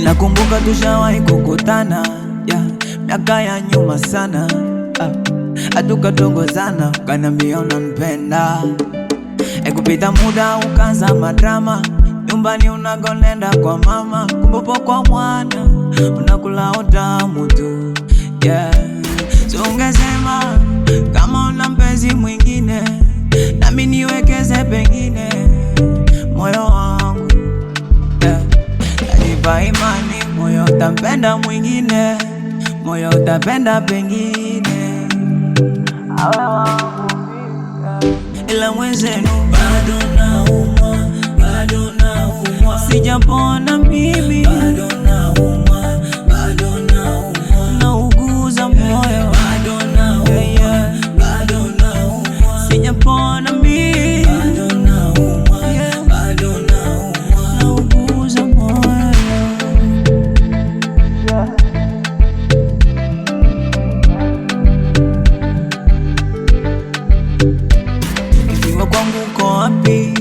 Nakumbuka tushawahi kukutana yeah, miaka ya nyuma sana ah. hatukatongozana uh, ukaniambia unampenda e, kupita muda ukaanza madrama nyumbani unagonenda kwa mama kumbopo kwa mwana unakula utamu tu yeah. So ungesema kama una mpenzi mwingine nami niwekeze pengine Kwa imani moyo utapenda mwingine, moyo utapenda pengine, ila mwenzenu uko wapi?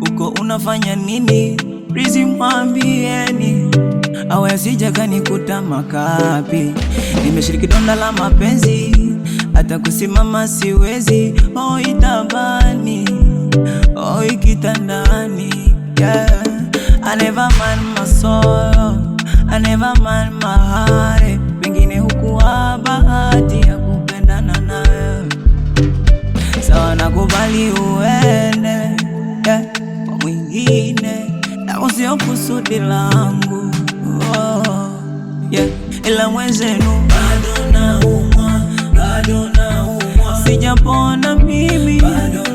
Uko unafanya nini? Rizzy mwambieni awe asijaka kanikuta makapi. Nimeshiriki donda la mapenzi, hata kusimama siwezi. Oh, itabani oh, ikitandani yeah. I never mind my soul, I never mind my heart nakubali uende yeah, kwa mwingine na usio kusudi langu oh, yeah, ila mwenzenu bado naumwa, bado naumwa, sijapona mimi bado